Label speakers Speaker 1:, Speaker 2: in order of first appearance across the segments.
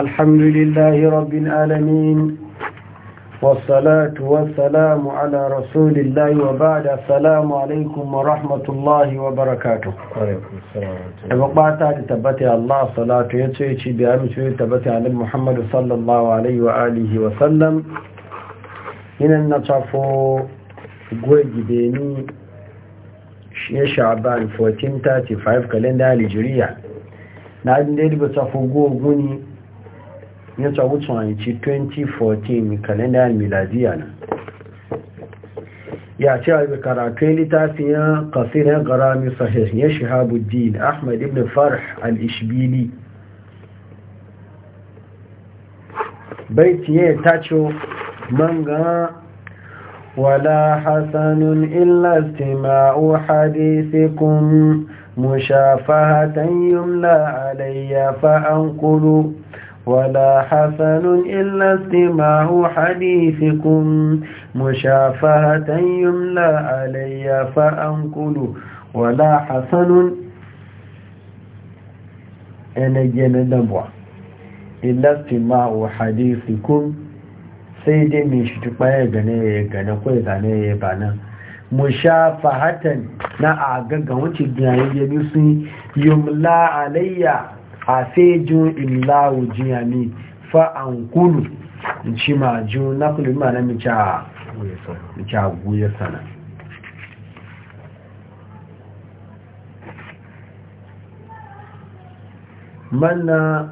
Speaker 1: الحمد لله رب العالمين والصلاة والسلام على رسول الله وبعد السلام عليكم ورحمة الله وبركاته عليكم السلام ورحمة الله الله صلاة يتشيشي بأمس تبتي على محمد صلى الله عليه وآله وسلم هنا إن النطف gwajibeni ya sha'ban 1435 kalenda alijiriya na adin da ya riba tafi goguni ya tsawo tsanci 2014 kalendar miladiya na ya ce a karatun littafiyan kasirin garami sahih ya shahabuddin ahmad ibn farh al-ishbili tiye ya tacho manga ولا حسن إلا استماع حديثكم مشافهة يملى علي فأنقل ولا حسن إلا استماع حديثكم مشافهة يملى علي فأنقل ولا حسن أنا جندبوا إلا استماع حديثكم سيدي من شتبايا غنية غنقوي غنية بانا mushafahatan na a gaggawancin jirayen yami sun yumla alayya a fejin illawu fa an kulu in ci ma jun na kulu ma na mice a guyar sana mana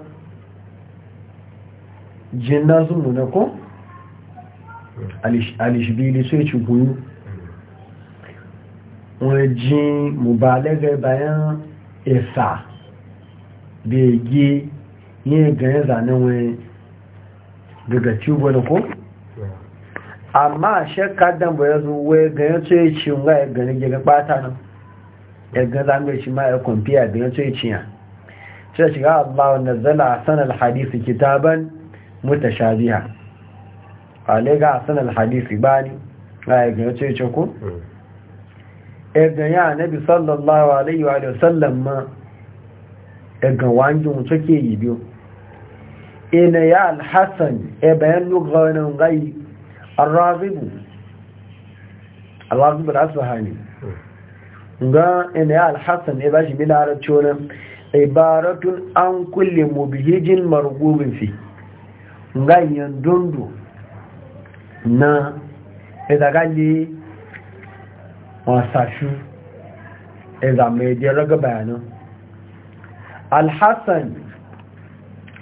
Speaker 1: jinna na zunmu na ko alishibili sai ci guyu wọ́n jí mùbálẹ́gẹ́ bayan ẹ̀sà bege yin ganin zanen wani daga cibo da ko amma a dan ba ya zo wai ganin tsoye ya ci nga ya gani gina bata nan ya gani zanen ya ci ma ya kwamfiya ganye to ya ci ya ce shiga Allah wanda zala sanar hadisi kitaban a ale ga sanar hadisi ne ga e e hmm. e ya ganye tsoye ya ci ko ya ganye annabi sallallahu alaihi wa sallam ma daga wuce ke yi biyu ina ya alhassan e bayan lugawanin gai arrazibu arrazibu da asahani ga ina ya alhassan e ba shi milarar conan ibaratun e an kulle mubihijin margubin fi ganyen dundu na izagali e wasashi izamai e ga bayanan alhassan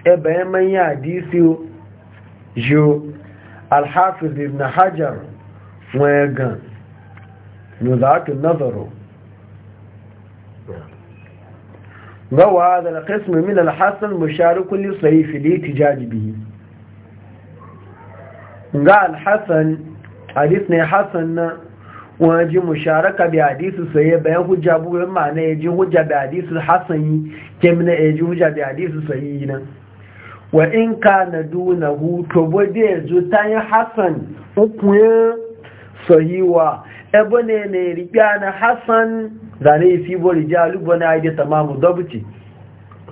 Speaker 1: ebe manya adisiyo jo alhassan ibn hajar nwee gan nuda ake nazaro gawa da na kaisu mai min alhassan mashari kulle tsaye fili tijaji biyu ga alhassan adis ne hassan na wọ́n jí musharaka bí àdísù sọ̀yẹ́ bẹ̀yẹn hujja búrẹ̀ ma na ẹjí hujja bí àdísù hassan yìí kẹmi na ẹjí hujja bí àdísù sọ̀yẹ́ yìí nan wa in ka na duna hu to bó dé ẹjú tayi hassan ukuyen sọ̀yẹ́ wa ẹbọ ne na ẹ̀rìgbá na hasan zane ifi bori jẹ́ alúgbọ́n na aide tamamu dọ́bùtì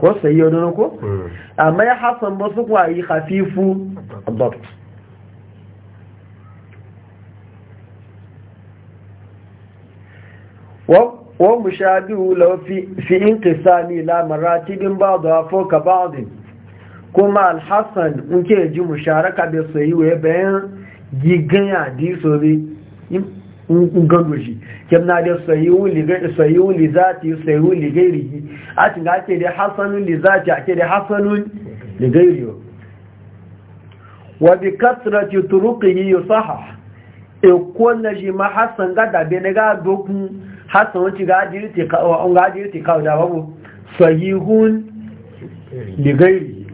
Speaker 1: ko sọ̀yẹ́ ọdún ko amma ya hassan ba su kwa hafifu dọ́bùtì wa mushabihu law fi fi inqisami la maratibin ba'dha fawqa ba'd kuma Alhassan al-hasan nke ji musharaka da sayi wa bayan gigan hadiso bi gandu shi kem na da sayiwu li zati sayiwu li gairihi a cin ake da hasanun li zati ake da hasanun li gairihi wa bi kasrati turuqihi yusahah e ko na ji ma hasan ga da be na ga dokun hasan wanci ga ajiyar tekawa an ga ajiyar da babu sahihun ligairi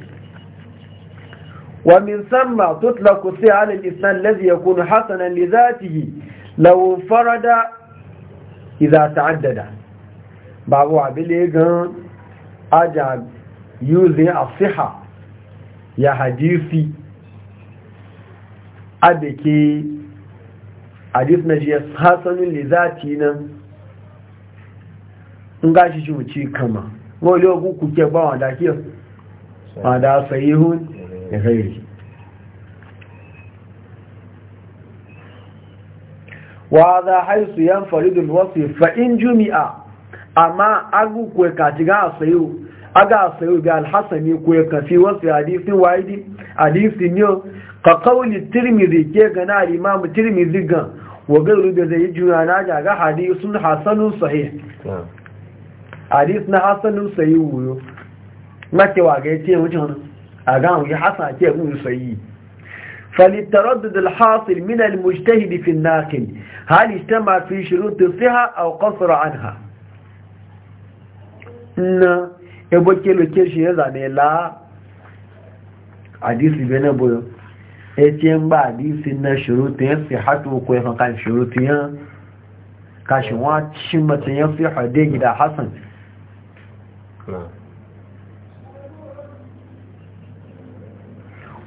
Speaker 1: wa min samma tutlaku sai halin isnan lazi ya kunu hasanan li zatihi law farada idza ta'addada babu abile gan aja using asiha ya hadisi adake hadis na jiya hasanun li zati nan in gashi shi wuce kama wani ogun kuke ba wada kiyo wada sayihun ya za wada haisu yan faridun wasu fa'in jumi'a amma agu ka kaci ga sayo aga sayo ga alhassani ka kafi wasu hadisin wa'idi hadisin ne ka kauli tirmidhi ke gana al'imamu tirmidhi gan wa gairu da zai yi juna na ga hadisun hasanun sahih hadis na hasanun sayi wuyo makewa ga ya ce wajen a ga wuyi hasan e ke wuyo sayi فللتردد الحاصل من المجتهد في الناقل هل اجتمع في شروط قصر عنها shi ya zane la e ba na shurutu ya fi hatu ko kan shurutu ya kashin wa ya fi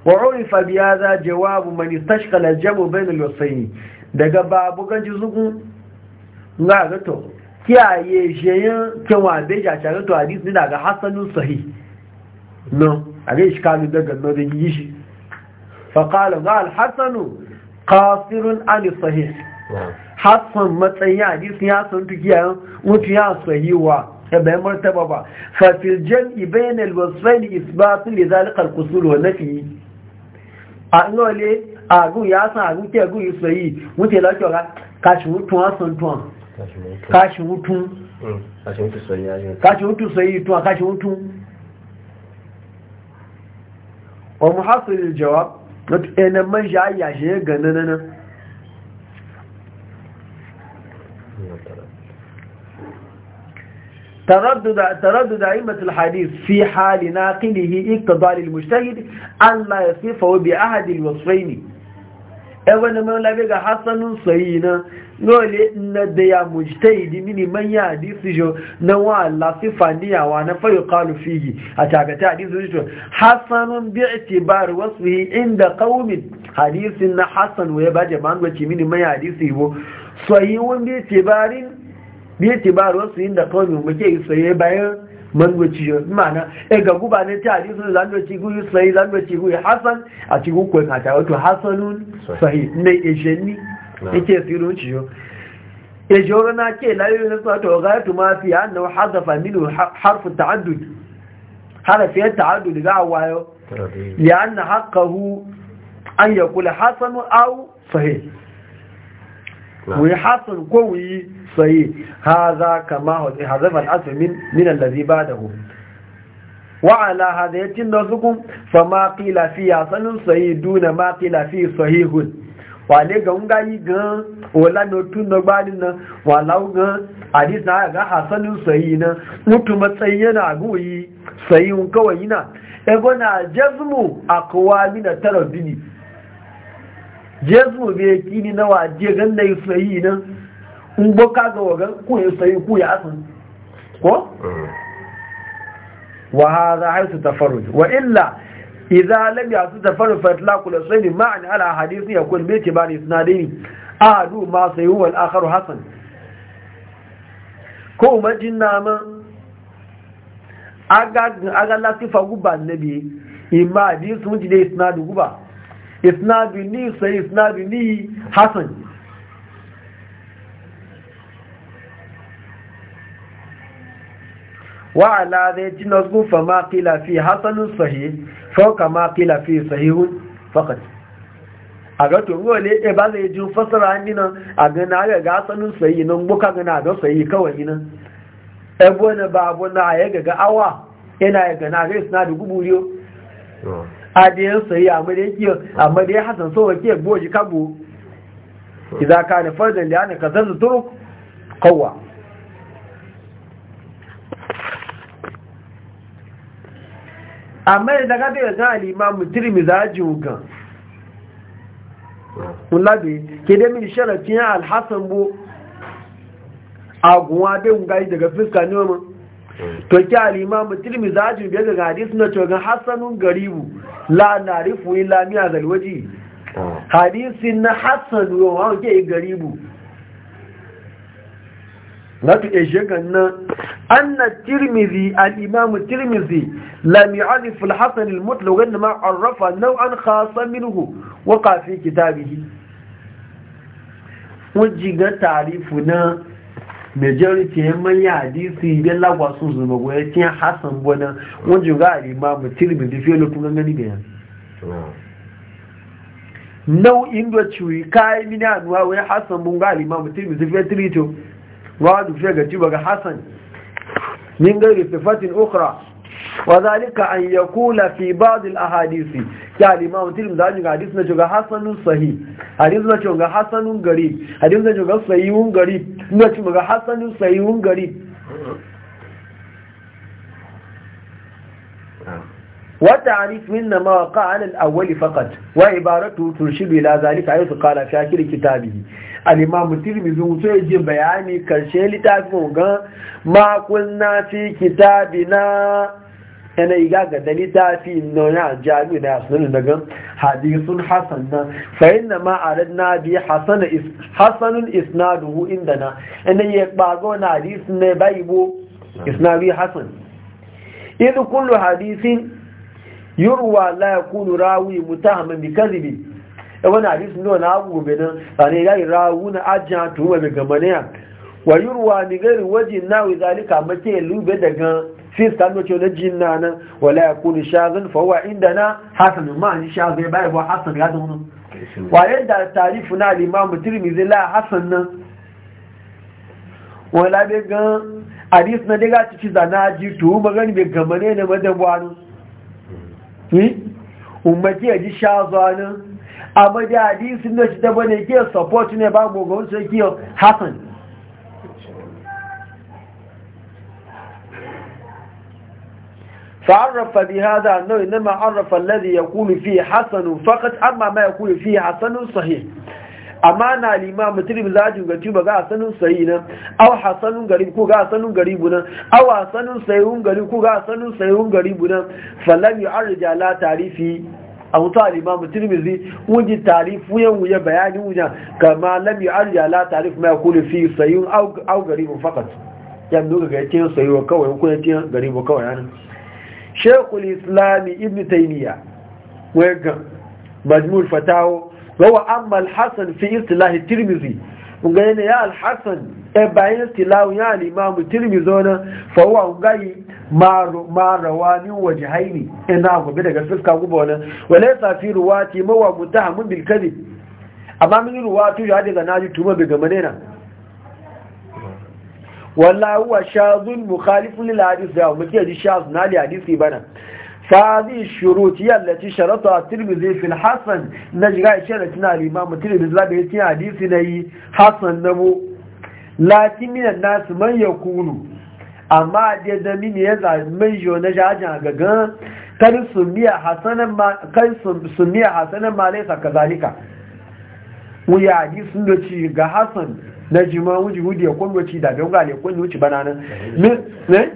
Speaker 1: وعرف بهذا جواب من استشغل الجمع بين الوصين daga babu ganji zugun ga gato kiyaye sheyin kewa beja tare to hadis ni daga hasanu sahih no shi iskalu daga no yi shi fa qala ga al hasanu qasirun an sahih hasan matsayi hadis ya san tukiya mutu ya sahiwa bayan martaba ba fafil jam'i bayan alwasfai da isbatun da zalikar kusur wa nafi a nole agun ya san agun ke agun yi soyi wuce lati ọ̀rá kashi hutun asan tuwan kashi hutun kashi hutun soyi tuwan kashi hutun wa muhasulil jawab na tunanin man shi ayyashe ganin nan تردد تردد أئمة الحديث في حال ناقله اقتضاء للمجتهد أن لا يصفه بأحد الوصفين أولا من لبيك حسن صينا نقول ندي مجتهد من من يحديث جو نوع لا صفانية وانا فيقال فيه أتاك تحديث جو حسن باعتبار وصفه عند قوم حديث حسن ويبقى جمان وشي من من يحديثه صحيح باعتبار bi ètè bá rọ́ sí ìdà tọ́ yìí mọ́kẹ́ ìsọ̀yẹ́ bayan mangoci yau mana e ga guba ne ta hadisu zandoci guyu sai zandoci guyu hasan a cikin kuwa kata wato hasanun sahi ne ejeni yake sirrin ciyo e joro na ke layoyi na sa to ga tuma fi na hadafa min harfu ta'addud harfi ta'addud ga wayo li anna haqqahu an kula hasan aw sahi. wuyi hasan ko wuyi sayi haza kama hauzi hazafan asumin min allazi ba da hu وعلى هذا يتنزكم فما قيل في حسن صحيح دون ما قيل في صحيح wale ga ngayi gan wala no tun da bani nan wala gan hadis na ga hasanin sayi na? mutu matsayi yana goyi sayi kawai na e gona jazmu aqwa min taradidi jesu bai kini na waje gan da yi nan in boka ga wagan ku ya sayi ku ya asin ko wa hadha haythu tafarruj wa illa idza lam yasu tafarruj fa itlaqu al-sayd ma'an ala hadith yakun bi tibari isnadaini ahadu ma sayi wal akhar hasan ko majin ma aga aga fa guba nabi imma hadith mun ji da isnadu guba isnadu ni sai isnadu ni hasan wa ala zai ci nasu fa ma qila fi hasanun sahih fa kama qila fi sahihun faqat aga to ngole e ba zai ji fasara an dina aga na ga hasanun sahih nan buka ga na da sahih kawai nan e bona ba bona ya ga awa ina ga na ga isnadu e e e guburiyo adiyan sayi amma da yake amma da ya hasan so wake goji kabo idan ka da farzan da ana kasar da turuk kawwa amma da ga da ga al-imam tirmidhi ajuga wallahi ke da min sharatin al-hasan bu aguwa da ngai daga fiska ne mu to ki al-imam tirmidhi aji bi ga hadisi na to ga hasanun garibu la narifu illa lami azal ah. Hadisi na hasan yo wa ke garibu natu e shegan na anna tirmidhi al-imam tirmidhi lam yu'arif al-hasan al-mutlaq inma arrafa naw'an khasan minhu waqa fi kitabihi wajiga ta'rifuna majority yan manya hadisi bin lagwa sun zuma ya tiyan hassan bonan wajen ga alimamu tilbi da fiye lokacin gani da yan nau'in da ciwi kayan mini anuwa wani hassan mun ga alimamu tilbi da fiye tirito ga fiye ga ciwo ga hassan min gari sifatin okra وذلك أن يقول في بعض الأحاديث قال الإمام تلم ذلك Hassanun sahi, حسن صحيح حديث Hassanun حسن غريب حديث نجوغ صحيح غريب na ci maga hassanin sayiwun gari wata harifin na mawaka anil awali fakat wa ibaratu turshidu ila zalika yau su kala shakiri kitabi alimamu tirmizu so ya ji bayani karshe littafin ga makon fi kitabi na Ina iga ga da littafi nuna jami'u da sunan daga hadisun Hassan na. fa inna ma na biyu Hassanun is hasanun isnaduhu indana yana ya bago na hadis ne baibo isnadu Hassan. idan kullu hadisin yurwa la yakunu rawi mutahamman bi kadhibi e wani hadisin ne wani abu benin sani ya yi rawuna ajiyar tuwa daga maniya wa yurwa ni gari wajen nawi zalika mace lube daga fiskan da cewa jin na nan wala ya kuni shazin fawa inda na hasan ma ni shazin ya e bayar ba hasan ya zama wa yadda tarifu na limamu tirmizi la hasan nan wala bai gan hadis na daga cikin zana ji tuhu magani bai gamane na madabuwanu umarci ya ji shazanin amma da hadisin da shi ta bane ke support ne ba gogon sai kiyo hasan فعرف بهذا أنه إنما عرف الذي يقول فيه حسن فقط أما ما يقول فيه حسن صحيح أما أنا الإمام تريم زاجم قتيبة قا حسن صحيحنا أو حسن قريب كو قا حسن قريبنا أو حسن صحيحون قريب كو قا حسن صحيحون قريبنا فلم يعرج على تعريفه a wuta alimamu tirmizi wuji tarif wuyan wuya bayanin wuya kama lam yu'arja ala tarif ma yakulu fi sayyun aw garibun faqat yan duka ga yace sayyun kawai ko yace garibu kawai yana shekul islami ibn taimiya wega ga majmul fatawo gawa amma alhassan fi istilahi tirmizi ga yana ya alhassan e bayan istilahu ya alimamu tirmizo e na fawa gayi marawa min waje haini ina gobe daga fuska guba na wale safi ruwa ce mawa mutahamin bilkari amma min ruwa ya daga naji tuma bi gama wala huwa shadhun mukhalifun lil hadith yaw mutiya di shadh na li hadithi bana fa hadhi shurut ya allati sharata at-tirmidhi fi al-hasan najra da tina al imam at-tirmidhi la bi tina hadithi nayi hasan nabu lakin min an-nas man yakunu amma de da min ya za mai jo na jajan gagan kan sunniya hasanan ma kan sunniya hasanan ma laysa kazalika wuya Hadisi da ci ga hasan na jima wuji wuji ya kwanwa ci da biyan gane kwanwa wuci bana nan ne?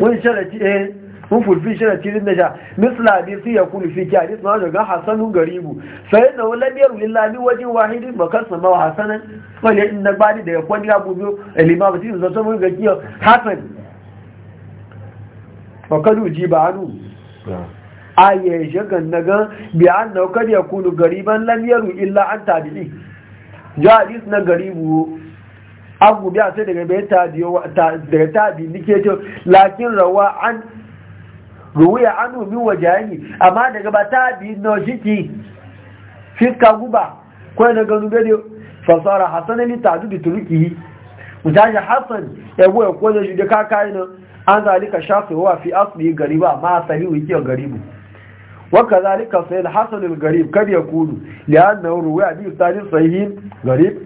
Speaker 1: wani sharaci eh mun fulfi sharaci rin na sha misla bi su ya kuli fi kya ni suna ga hasanun garibu sai na wani biyar lullabi wajen wahidi bakar sama wa hasanan wani inda bani da ya kwanwa ya bubiyo elima ba cikin zato mun ga kiyo hasan fakadu ji ba hannu a shagan na ga. biyan na kar ya kulu gariban lamiyar yaru illa an tabi'i ja hadis na garibu abu biya sai daga bai ta daga tabi nike ce lakin rawa an ruwiya an umi wajani amma daga ba tabi na shiki fiska guba ko na ganu gade fasara Hassan li tadu bi turki Mutane Hassan ya goya da shi da kakayi na an zalika shafi wa fi asli gariba ma asali wiki garibu وكذلك سيد حسن الغريب قد يقول لأنه روى بإستاذ صحيح غريب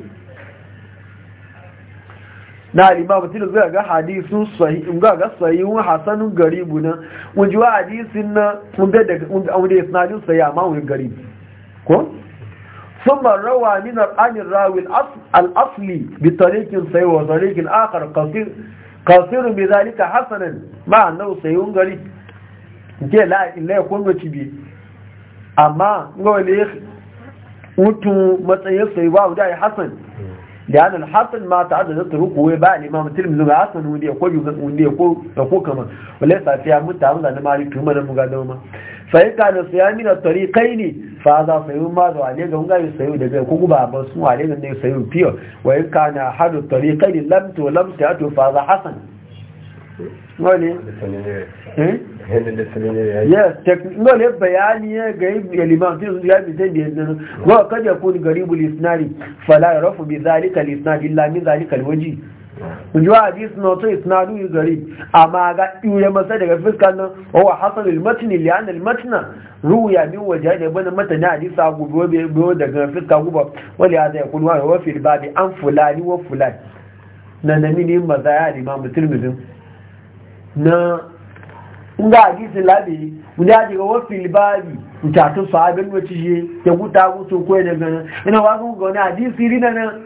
Speaker 1: na limamu tilu zai ga hadisun sahih ga ga sahihun hasanun garibu na mun ji hadisin na mun da mun da isnadin sahih amma mun garib ko thumma rawa min al-an rawi al-asli bi tariqin sahih wa tariqin akhar qasir qasir bi dhalika hasanan ma annahu sahihun garib nke la'ilai kwallo cibi amma wani mutu matsayin sai ba wuda ya hasan da yanar hasan ma ta da zata ruku wai ba ne ma mutum zuba hasan wunde ya ga wunde ya ko kama wale safiya mutu a na mari tuma da muga dama sai ka da siya amina tori kai ne fa za sayo ma da wale ga hungayi sayo da zai kuku ba ba sun wale ga ne sayo fiyo wa? ka na hadu tori kai ne lamto lamto ya to fa za hasan wani eh yes teknoloji bayani ya suna liman fi su yami zai biyan fala to isnadu yi gari amma ga ɗure masa daga fiskan nan wa wa hasan ilmatini liyan ilmatina ruya min waje da bane mata na hadisa gubo daga fiska guba wani ya zai kunwa da wafi babi an fulani wa fulani na namini maza ya limamu turmizin na nga hadisi labe mun ya diga wafi libari mutatun sahabin wace shi ya guta gutu ko da gana ina wa gun gona hadisi rina nan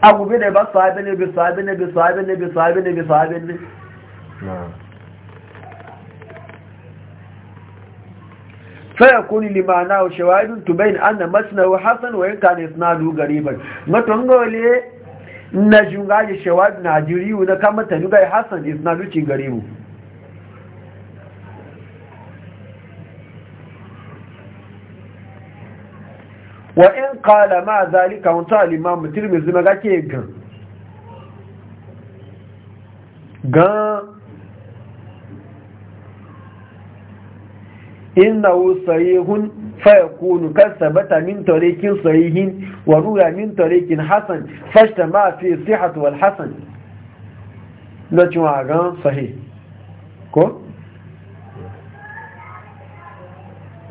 Speaker 1: a gube da ba sahabi ne bi sahabi ne bi sahabi ne bi sahabi ne bi sahabi ne fa kuni limana wa shawarin tubayin an na hasan wa in kana isnadu gariban matongole na jungaje shawarin na jiriyu na kama tanuga hasan isnadu ci mu. wa in kala ma zalika wa ta al-imam tirmidhi maga ke gan gan innahu sahihun fayakunu kasabata min tarikin sahihin wa ruya min tariqin hasan ma fi sihhat wal hasan na cewa gan sahih ko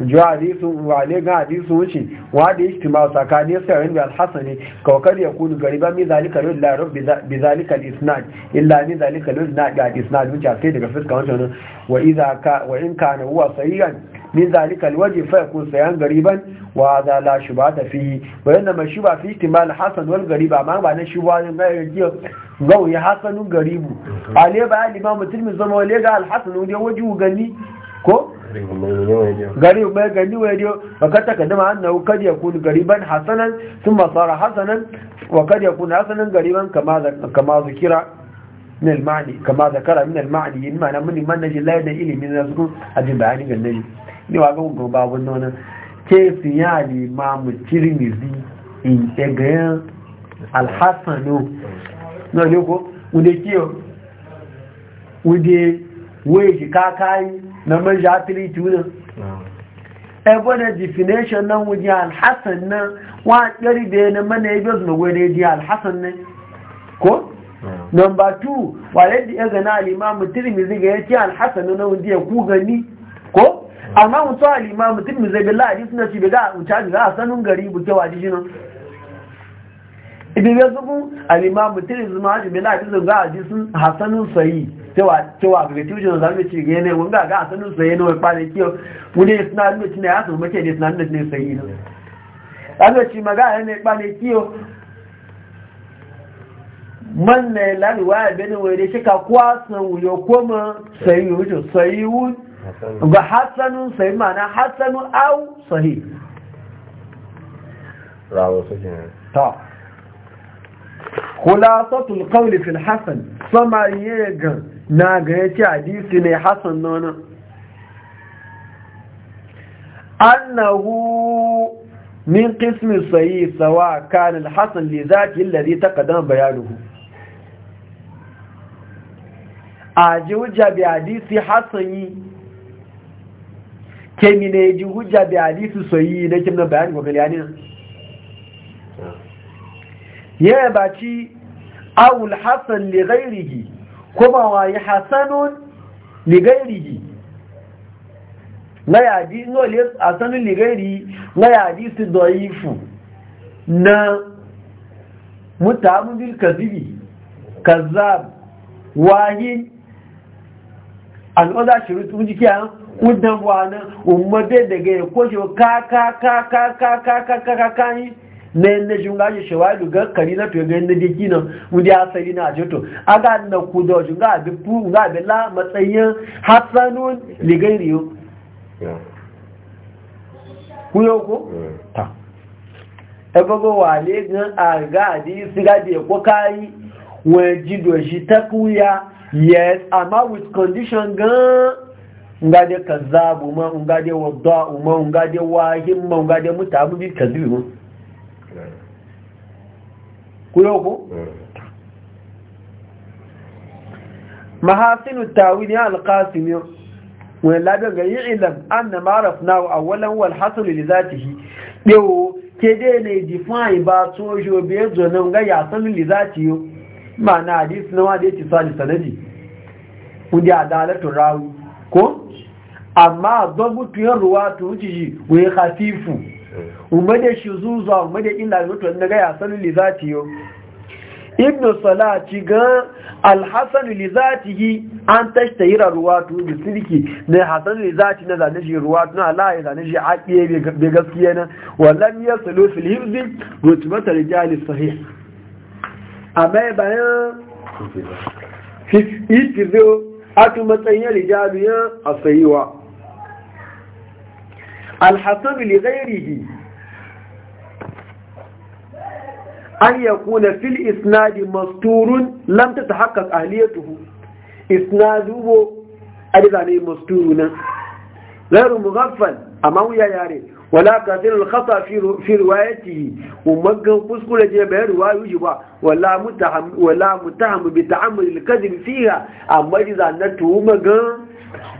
Speaker 1: jo hadisu ga hadisu wuce wa da yake ma sakani sa'in da al-hasani kawkar ya kunu gariba mi zalika lil la rabbi bi zalika al-isnad illa mi zalika lil na ga isnad wuce sai daga wannan zama al ko gari bai gani wadiyo fakar takaddama annahu kad yakun gariban hasanan thumma sara hasanan wa kad yakun hasanan gariban kama kama zikira min al-ma'ni kama zakara min al-ma'ni in ma mun man naji la da ilimi min su ajin bayani ga naji ni wa ga go ba wannan ke siyali imam tirmizi in egan al-hasanu no ne ko wunde kiyo wunde wai ki kakai na manja tiri tunan ebe na e definition na wuji alhassan na wa ɗari da na mana ya bezu na da ya alhassan ne? ko? number two wa yadda ya gana alimamu tirmizi ga ya ce alhassan na wuji ya ku gani ko? amma mutu alimamu tirmizi ga la'adi suna ci bega wuce ga a sanin gari buke wa jishinan ibi ga zubu alimamu tirmizi ma ji bela a jisun ga a jisun hassanin sayi cewa ga gaci wujen zalmi ci ga yanayi wanda ga asalin sayi na wai kiyo wani suna nuna cina ya su mace ne suna nuna cina sayi na asalci maga a yanayi kwane kiyo man na yi laluwa ya benin wai dai shika kuwa sun wuyo koma sayi wuce sayi wuce ga hassanun sayi mana hassanun au sahi rawo su ta kula sautul kawli fil hassan sama na ga ya ce hadisi ne hassan nona annahu min qismi sayi sawa kana al-hasan li zati alladhi taqaddama bayanuhu aji hujja bi hadisi yi kemi ne ji hujja bi hadisi sayi da kimna bayani gobe yani ya ci awul hasan li ghairihi kuma waye hasanun ligairihi na yadi nole hasanun ligairi na yadi su doyifu na mutamun bil kazibi kazzab wahin al'oda shirutu jikiya kudan wani umar daga ya kwashe ka ka ka ka ka na yin na jin gashi shawari ga kari na tuyo ga yin na diki nan wudi na ajoto aga na kudo da wajen ga abin fu ga abin la matsayin hatsanun ligai riyo ku yau ko? ta ebogo wale gan aga adi siga da ko kayi wọn ji doshi ta kuya yes amma with condition gan nga de kazzabu ma nga de wadda ma nga de wahim ma nga de mutabu bi kazzibu kuyo ko mahasinu tawil ya alqasimi wa da ga yi'lam anna ma'rafna awalan wal hasl li zatihi dewo de ne define ba to jo be zo nan ga ya san li zatiyo ma'ana hadis na wa da yake sali sanadi da adalatu rawi ko amma dabu tuyar ruwa ji wa khafifu umade shi zuzuwa umade illa mutu wanda ga ya sanu li zati yo ibnu salati ga alhassan lizati yi an yi raruwa tu da ne hasan hassan lizati na zane shi ruwa na alaye ya zane shi aqiye bai gaskiya na wallan yaslu fil hifzi rutbat rijal jali sahi. A mai bayan zo a tu matsayin rijalu ya sayiwa الحسد لغيره أن يكون في الإسناد مستور لم تتحقق أهليته إسناده أدعني مستورنا غير مغفل أما ويا ياري ولا كثير الخطأ في في روايته ومجن فسكول جيب رواية وجبا ولا متهم ولا متهم بتعمد الكذب فيها أما إذا نتوه مجن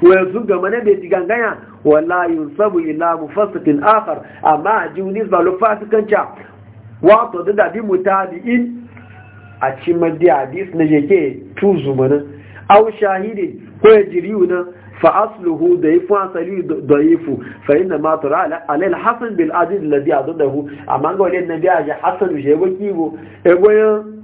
Speaker 1: Wanzu game na bai ganganya wala yunsabu ila mufassikin akhar amma a ji wani zalo fasikanta wato da dabi in? a ci madi hadis na yake tuzu mana Au shahidi, ko ya jiri na fa asluhu da yafi asali da yi fa inna ma tara ala hasan bil adil alladhi adadahu amma ga wani nabi ya hasan je ba kibo e goyen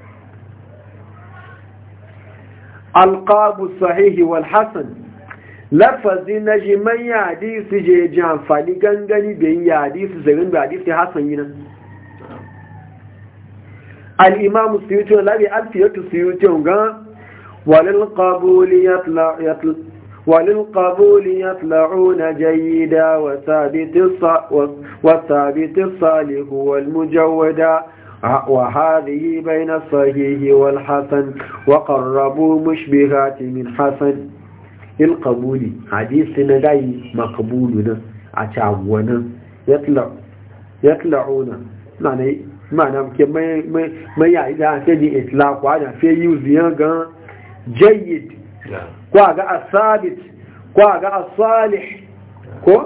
Speaker 1: alƙabu sahihi wal hasan lafazi na ji man ya hadisi je ji amfani gangani da yin ya hadisi zarin da hadisi hasan yi nan al'imamu suyuti wani labi alfiyatu suyuti ga walil ƙabuli ya tlaru na jayida wa sabitin salihu wal mujawada وهذه بين الصحيح والحسن وقربوا مشبهات من حسن القبول حديث نداي مقبولنا اتعونا يطلع يطلعونا ما معنى كما ما يا اذا تدي اطلاق وانا في يوزيان جيد كوا كواغا الثابت غا الصالح كو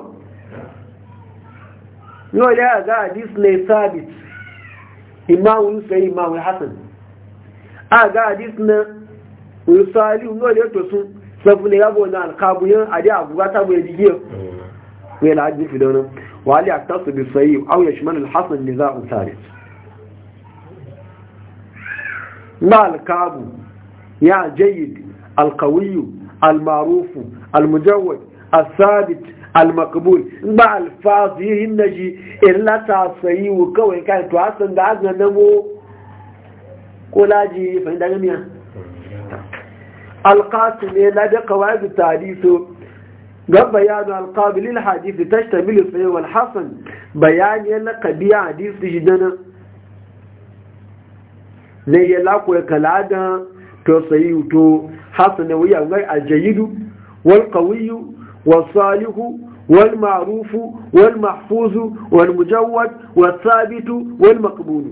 Speaker 1: نو لا هذا حديث ليس ثابت imamu yi imamu Hassan. a ga hadis na usali no le to sun sabu ne yabo na yin adi a guga ta bai digiyo wai na hadis da nan wa ali aktasu bi sahih aw yashmal al za a thalith na alkabu ya jayyid alkawiyu almarufu المجود الثابت almakabul ba alfazu yin na ji illa ta sayi wu kawai kai to hasan da azna na mo ko laji fahim da gamiya alkasu ne na da kawai da tariso ga bayanu alkabilin hadisi ta shi tabili sayi wal hasan bayani yana kabiya hadisi shi dana ne ya lakwai kalada to sayi to hasan ne wuya ngai aljayidu wal kawiyu والصالح والمعروف والمحفوظ والمجود والثابت والمقبول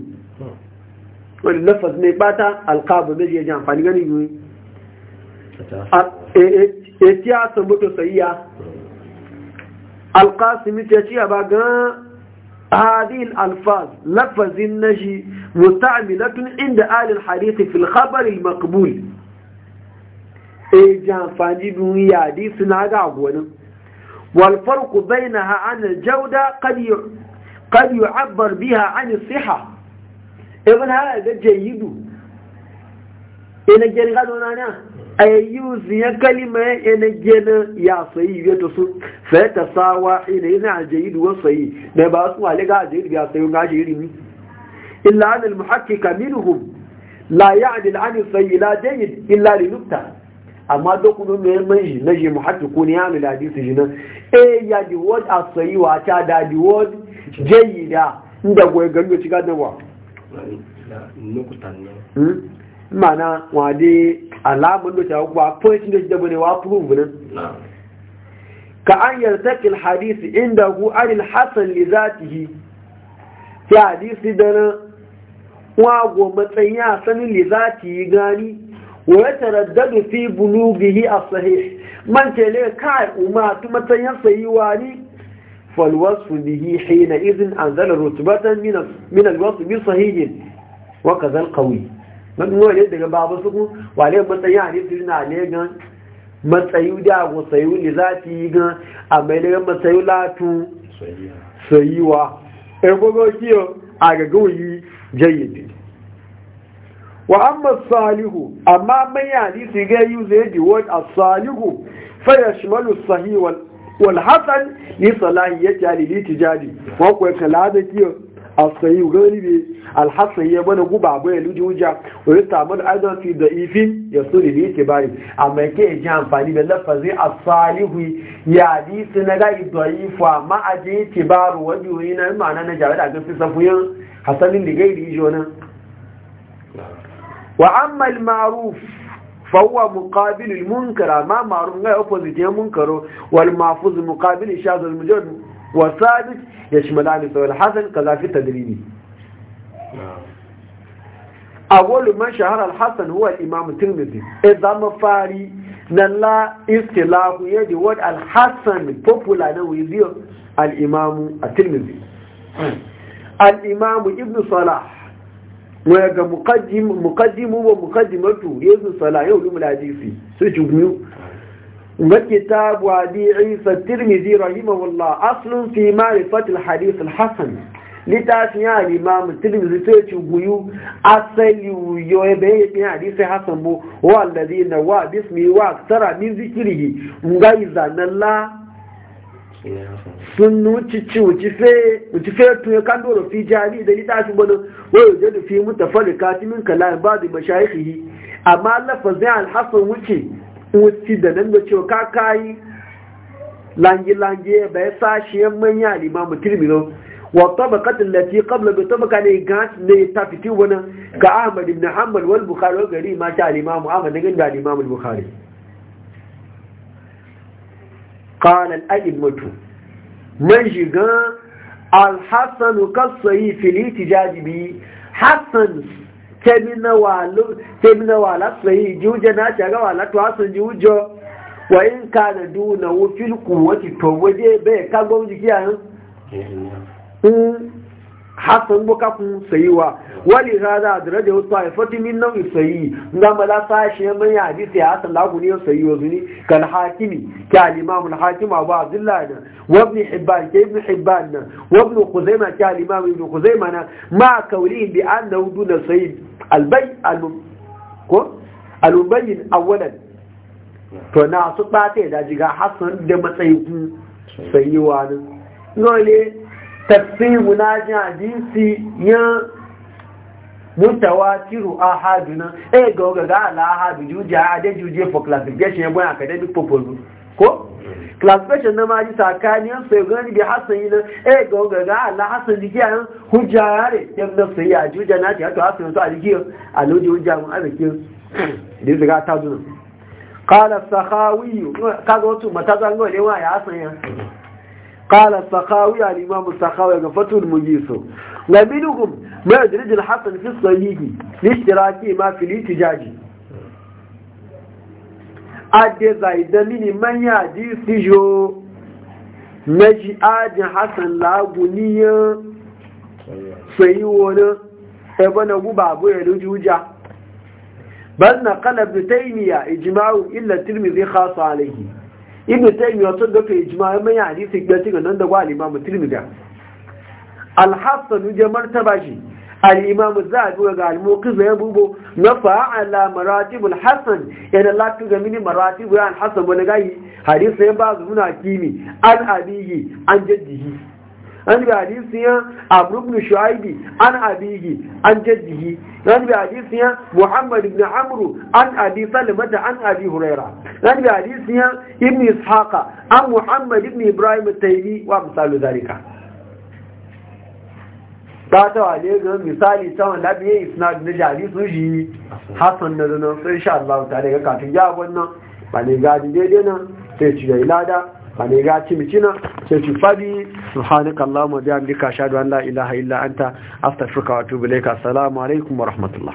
Speaker 1: واللفظ ما باتا القاب ما يجي جان فاني غني يوي اتيا sabuto sayya القاسم ce ci ba هذه الالفاظ لفظ النجي مستعملة عند آل الحديث في الخبر المقبول اي جان فاني بني يادي سناغا غونن والفرق بينها عن الجودة قد قد يعبر بها عن الصحة ابن هذا جيد ina gani gado na na a yi ya kalima ina gani ya sayi ya to su sai ta sawa ina yana aljayidu wa sayi da ba su wale ga aljayidu ya sayi ga jiri ni illa an illa amma dokunan mai manji na jimu muhattu ko ne ya mila hadisi ji nan eh ya di word asayi wa ta da di jayi da inda goyi gando cika da wa hmm? mana wa de alamun da ta ba point da shi da bane wa prove nan ka an yartaki hadisi inda hu anil hasan li zatihi ta hadisi da nan wa go a sanin li zatihi gani ويترددوا في بلوغه الصحيح من تليه كاي وما تمتن يصيه واني فالوصف به حينئذ أنزل رتبة من, من wa بصحيح وكذا القوي mannu ne daga babu su wale matsayi a nitri na ne gan matsayi da ko sayi za ta yi a mai ne gan latu sayiwa ɗan e, gwagwagiyar a gaggawa yi wa amma salihu amma mai hadisi ga zai the word as-salihu fa yashmalu as-sahih wal wal hasan li salahiyati al-litijadi wa ko kala da kiyo as-sahih gari be al-hasan ya bana guba ba ya luji wuja wa yatamal aidan fi da'ifin yasuli li tibari amma ke ji amfani da lafazi as-salihu ya hadisi na ga idaifa ma aje tibaru wajihi na ma'ana na jawada ga fi safuyan hasanin da gairi jona wa amal ma'ruf fa huwa muqabil al munkar ma ma'ruf ga opposite al munkar wal mafuz muqabil ishad al mujad wa sadis yashmalan al hasan kaza fi tadribi awal man shahar al hasan huwa al imam tirmidhi idza fari nalla istilah yadi wa al hasan popular na we dio al imam at tirmidhi ga mukaddimu wa mukaddimatu yesu sala yau lumul hadisi su jugmiu ga kitabu abi isa tirmidhi rahimahullah aslun fi ma'rifat al hadith al hasan ya al-imam tirmizi sai juguyu asali yo ebe fi hadith hasan bu wa na wa bismi wa aktara min zikrihi ga izanalla sun nuci ci uci fe uci fe tun kan doro fi jali da litafi bodo ويوجد في متفرقات من كلام بعض مشايخه أما لفظ الحسن وكي wuci da nan da cewa ka kayi langi-langi ba ya sashi yan manya limamu tirmino wa tabaqatul lati qabla bi tabaqa ne gas ne ta fiti wani ga Ahmad ibn Hanbal wal Bukhari wa gari ma sha limamu Ahmad ne da limamu Bukhari qala al-a'immatu man shiga al hasan fili tijaji bi hassan kemina wala soyi jiwuje na shaga wala to hassan jiwujo ka na duna wufil kuwati to waje bai kagon jiki hasan buka kun sayiwa wali hada daraja wasu haifati min nau'i sayi nga mala sashi mai hadisi sai hasan lagu ne sayi wa zuni kan hakimi ke al imam al hakim abu abdullah na wa ibn hibban ki ibn hibban na wa ibn khuzaimah ki al imam ibn na ma kauli bi annahu dun sayyid al bay ko al awwalan to na su ba ta daji ga hasan da matsayin sayiwa ne tafsiru na jin hadisi ya mutawatiru ahaduna eh ga ga ga ala ahadu juje ade juje for classification yabo academic purpose ko classification na maji sakaniyan sai gani bi hasan yi nan eh ga ga ga ala hasan jiki an hujja yare yan da sai ya juje na ta to hasan so aliki aloji hujja mun azaki da su ya قال السخاوي الإمام السخاوي قفته المجيس ومنهم ما يدرج الحسن في الصحيح لاشتراكه ما في الاتجاج أدي زايدة من من يعدي سجو نجي آج حسن لابنية سيونا ابن أبو بابو يلوجوجا بل نقل ابن تيمية إجماع إلا الترمذي خاص عليه ibn da sun yi kai ijma'i mai hadisi ga cikin nan da gwal imam tirmidhi al-hasan je martaba shi al-imam zahabi ga al-muqiz ya bubo na fa'ala maratib al-hasan yana latu ga mini maratib ya al-hasan wani gayi hadisi ya ba zuna kimi an abihi an jaddihi an bi ya abu ibn shuaibi an abihi an jaddihi an bi ya muhammad ibn Amru an abi salmata an abi huraira an bi ya ibn ishaqa an muhammad ibn ibrahim Taibi wa misalu zalika ta ta wale ga misali ta wanda biye isnad na jari sun shi hasan na zanen sai insha Allah ta daga kafin ya wannan ba ne gadi daidai nan sai ci ga ilada a ne ga ci mikina sai ci fadi subhanaka allahumma bihamdika ashhadu an la ilaha illa anta astaghfiruka wa atubu ilayka assalamu alaikum wa rahmatullah